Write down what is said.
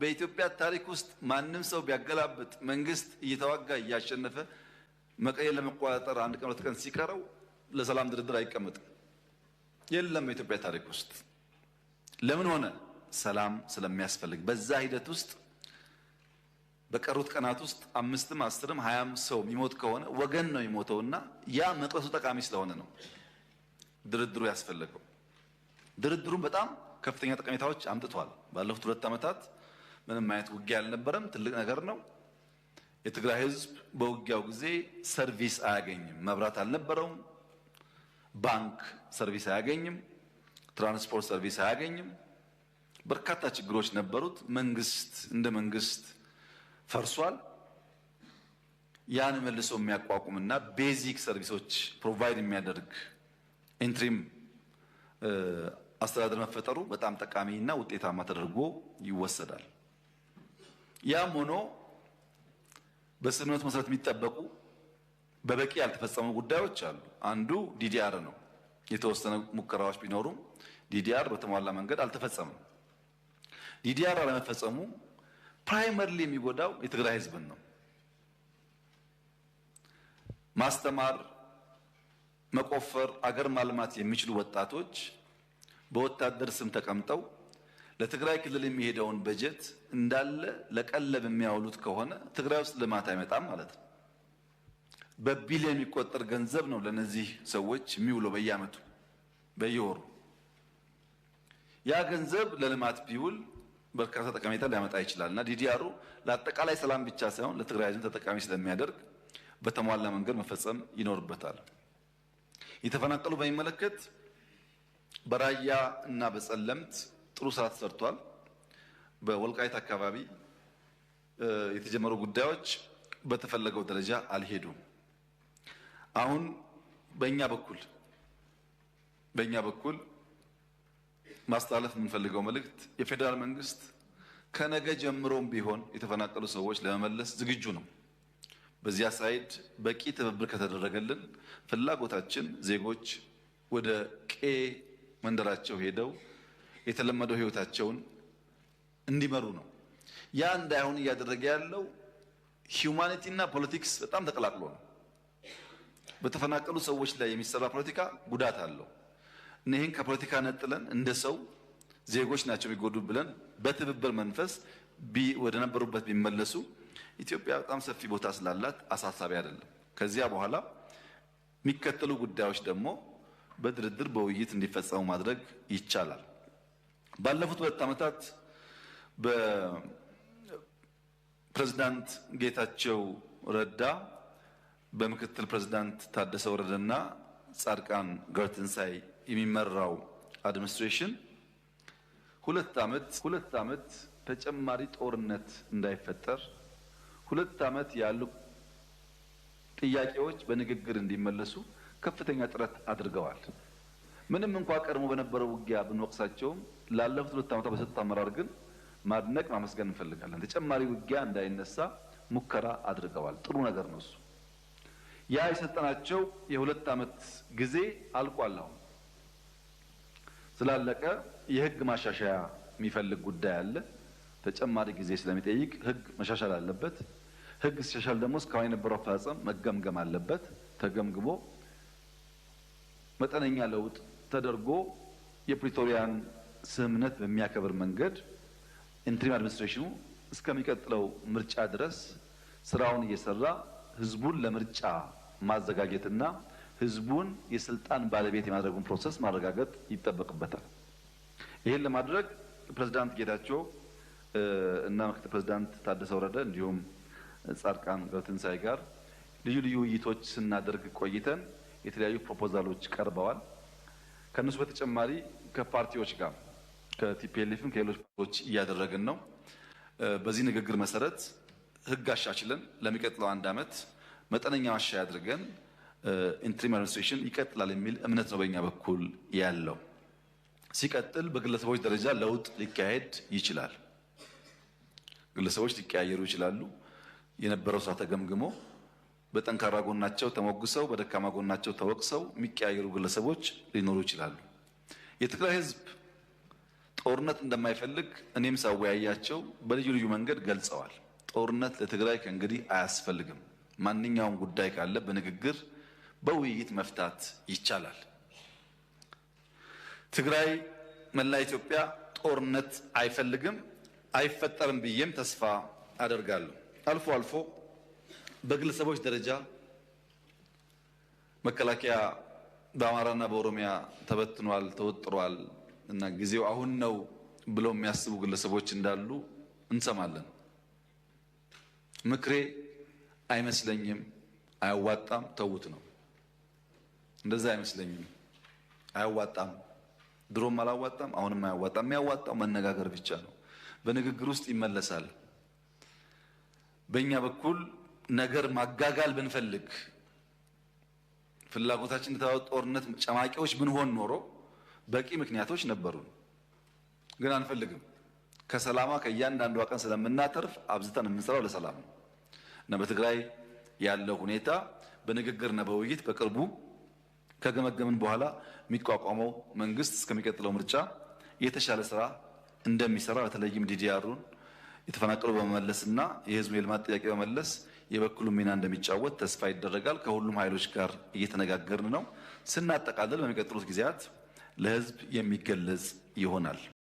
በኢትዮጵያ ታሪክ ውስጥ ማንም ሰው ቢያገላብጥ መንግስት እየተዋጋ እያሸነፈ መቀሌን ለመቆጣጠር አንድ ቀን ሁለት ቀን ሲቀረው ለሰላም ድርድር አይቀመጥም። የለም በኢትዮጵያ ታሪክ ውስጥ ለምን ሆነ? ሰላም ስለሚያስፈልግ። በዛ ሂደት ውስጥ በቀሩት ቀናት ውስጥ አምስትም አስርም ሀያም ሰው የሚሞት ከሆነ ወገን ነው እና ያ መቅረሱ ጠቃሚ ስለሆነ ነው ድርድሩ ያስፈለገው። ድርድሩም በጣም ከፍተኛ ጠቀሜታዎች አምጥቷል ባለፉት ሁለት ዓመታት ምንም አይነት ውጊያ አልነበረም። ትልቅ ነገር ነው። የትግራይ ህዝብ በውጊያው ጊዜ ሰርቪስ አያገኝም። መብራት አልነበረውም። ባንክ ሰርቪስ አያገኝም። ትራንስፖርት ሰርቪስ አያገኝም። በርካታ ችግሮች ነበሩት። መንግስት እንደ መንግስት ፈርሷል። ያን መልሶ የሚያቋቁምና ቤዚክ ሰርቪሶች ፕሮቫይድ የሚያደርግ ኢንትሪም አስተዳደር መፈጠሩ በጣም ጠቃሚ እና ውጤታማ ተደርጎ ይወሰዳል። ያም ሆኖ በስነት መሰረት የሚጠበቁ በበቂ ያልተፈጸሙ ጉዳዮች አሉ። አንዱ ዲዲአር ነው። የተወሰነ ሙከራዎች ቢኖሩም ዲዲአር በተሟላ መንገድ አልተፈጸመም። ዲዲአር አለመፈጸሙ ፕራይመሪሊ የሚጎዳው የትግራይ ህዝብ ነው። ማስተማር፣ መቆፈር፣ አገር ማልማት የሚችሉ ወጣቶች በወታደር ስም ተቀምጠው ለትግራይ ክልል የሚሄደውን በጀት እንዳለ ለቀለብ የሚያውሉት ከሆነ ትግራይ ውስጥ ልማት አይመጣም ማለት ነው። በቢሊዮን የሚቆጠር ገንዘብ ነው ለነዚህ ሰዎች የሚውለው በየአመቱ በየወሩ። ያ ገንዘብ ለልማት ቢውል በርካታ ጠቀሜታ ሊያመጣ ይችላል እና ዲዲአሩ ለአጠቃላይ ሰላም ብቻ ሳይሆን ለትግራይ ህዝብ ተጠቃሚ ስለሚያደርግ በተሟላ መንገድ መፈጸም ይኖርበታል። የተፈናቀሉ በሚመለከት በራያ እና በጸለምት ጥሩ ስራ ተሰርቷል። በወልቃይት አካባቢ የተጀመሩ ጉዳዮች በተፈለገው ደረጃ አልሄዱም። አሁን በእኛ በኩል በእኛ በኩል ማስተላለፍ የምንፈልገው መልእክት የፌዴራል መንግስት ከነገ ጀምሮም ቢሆን የተፈናቀሉ ሰዎች ለመመለስ ዝግጁ ነው። በዚያ ሳይድ በቂ ትብብር ከተደረገልን ፍላጎታችን ዜጎች ወደ ቄ መንደራቸው ሄደው የተለመደው ህይወታቸውን እንዲመሩ ነው። ያ እንዳይሆን እያደረገ ያለው ሂውማኒቲ እና ፖለቲክስ በጣም ተቀላቅሎ ነው። በተፈናቀሉ ሰዎች ላይ የሚሰራ ፖለቲካ ጉዳት አለው። እኒህን ከፖለቲካ ነጥለን እንደ ሰው ዜጎች ናቸው የሚጎዱ ብለን በትብብር መንፈስ ወደ ነበሩበት ቢመለሱ ኢትዮጵያ በጣም ሰፊ ቦታ ስላላት አሳሳቢ አይደለም። ከዚያ በኋላ የሚከተሉ ጉዳዮች ደግሞ በድርድር በውይይት እንዲፈጸሙ ማድረግ ይቻላል። ባለፉት ሁለት ዓመታት በፕሬዝዳንት ጌታቸው ረዳ በምክትል ፕሬዝዳንት ታደሰ ወረደና ጻድቃን ገብረትንሳኤ የሚመራው አድሚኒስትሬሽን ሁለት ዓመት ሁለት ዓመት ተጨማሪ ጦርነት እንዳይፈጠር ሁለት ዓመት ያሉ ጥያቄዎች በንግግር እንዲመለሱ ከፍተኛ ጥረት አድርገዋል። ምንም እንኳ ቀድሞ በነበረው ውጊያ ብንወቅሳቸውም ላለፉት ሁለት ዓመታት በሰጡት አመራር ግን ማድነቅ ማመስገን እንፈልጋለን። ተጨማሪ ውጊያ እንዳይነሳ ሙከራ አድርገዋል። ጥሩ ነገር ነው እሱ። ያ የሰጠናቸው የሁለት ዓመት ጊዜ አልቋል። አሁን ስላለቀ የህግ ማሻሻያ የሚፈልግ ጉዳይ አለ። ተጨማሪ ጊዜ ስለሚጠይቅ ህግ መሻሻል አለበት። ህግ ሲሻሻል ደግሞ እስካሁን የነበረው አፈጻጸም መገምገም አለበት። ተገምግሞ መጠነኛ ለውጥ ተደርጎ የፕሪቶሪያን ስምምነት በሚያከብር መንገድ ኢንትሪም አድሚኒስትሬሽኑ እስከሚቀጥለው ምርጫ ድረስ ስራውን እየሰራ ህዝቡን ለምርጫ ማዘጋጀትና ህዝቡን የስልጣን ባለቤት የማድረጉን ፕሮሰስ ማረጋገጥ ይጠበቅበታል። ይህን ለማድረግ ፕሬዚዳንት ጌታቸው እና ምክትል ፕሬዚዳንት ታደሰ ወረደ እንዲሁም ጻድቃን ገብረትንሳኤ ጋር ልዩ ልዩ ውይይቶች ስናደርግ ቆይተን የተለያዩ ፕሮፖዛሎች ቀርበዋል። ከእነሱ በተጨማሪ ከፓርቲዎች ጋር ከቲፒኤልኤፍም ከሌሎች ፓርቲዎች እያደረግን ነው። በዚህ ንግግር መሰረት ህግ አሻችለን ለሚቀጥለው አንድ ዓመት መጠነኛ ማሻሻያ አድርገን ኢንትሪም አድሚኒስትሬሽን ይቀጥላል የሚል እምነት ነው በኛ በኩል ያለው። ሲቀጥል በግለሰቦች ደረጃ ለውጥ ሊካሄድ ይችላል። ግለሰቦች ሊቀያየሩ ይችላሉ። የነበረው ስራ ተገምግሞ በጠንካራ ጎናቸው ተሞግሰው በደካማ ጎናቸው ተወቅሰው የሚቀያየሩ ግለሰቦች ሊኖሩ ይችላሉ። የትግራይ ሕዝብ ጦርነት እንደማይፈልግ እኔም ሳወያያቸው በልዩ ልዩ መንገድ ገልጸዋል። ጦርነት ለትግራይ ከእንግዲህ አያስፈልግም። ማንኛውም ጉዳይ ካለ በንግግር በውይይት መፍታት ይቻላል። ትግራይ መላ ኢትዮጵያ ጦርነት አይፈልግም፣ አይፈጠርም ብዬም ተስፋ አደርጋለሁ አልፎ አልፎ በግለሰቦች ደረጃ መከላከያ በአማራና በኦሮሚያ ተበትኗል፣ ተወጥሯል እና ጊዜው አሁን ነው ብለው የሚያስቡ ግለሰቦች እንዳሉ እንሰማለን። ምክሬ አይመስለኝም፣ አያዋጣም፣ ተዉት ነው። እንደዛ አይመስለኝም፣ አያዋጣም። ድሮም አላዋጣም፣ አሁንም አያዋጣም። የሚያዋጣው መነጋገር ብቻ ነው። በንግግር ውስጥ ይመለሳል። በእኛ በኩል ነገር ማጋጋል ብንፈልግ ፍላጎታችን የተባለው ጦርነት ጨማቂዎች ብንሆን ኖሮ በቂ ምክንያቶች ነበሩን፣ ግን አንፈልግም። ከሰላማ ከእያንዳንዷ ቀን ስለምናተርፍ አብዝተን የምንሰራው ለሰላም ነው እና በትግራይ ያለው ሁኔታ በንግግርና በውይይት በቅርቡ ከገመገምን በኋላ የሚቋቋመው መንግስት እስከሚቀጥለው ምርጫ የተሻለ ስራ እንደሚሰራ በተለይም ዲዲአሩን የተፈናቀሉ በመመለስና የህዝቡን የልማት ጥያቄ በመለስ ። የበኩሉ ሚና እንደሚጫወት ተስፋ ይደረጋል። ከሁሉም ኃይሎች ጋር እየተነጋገርን ነው። ስናጠቃልል በሚቀጥሉት ጊዜያት ለህዝብ የሚገለጽ ይሆናል።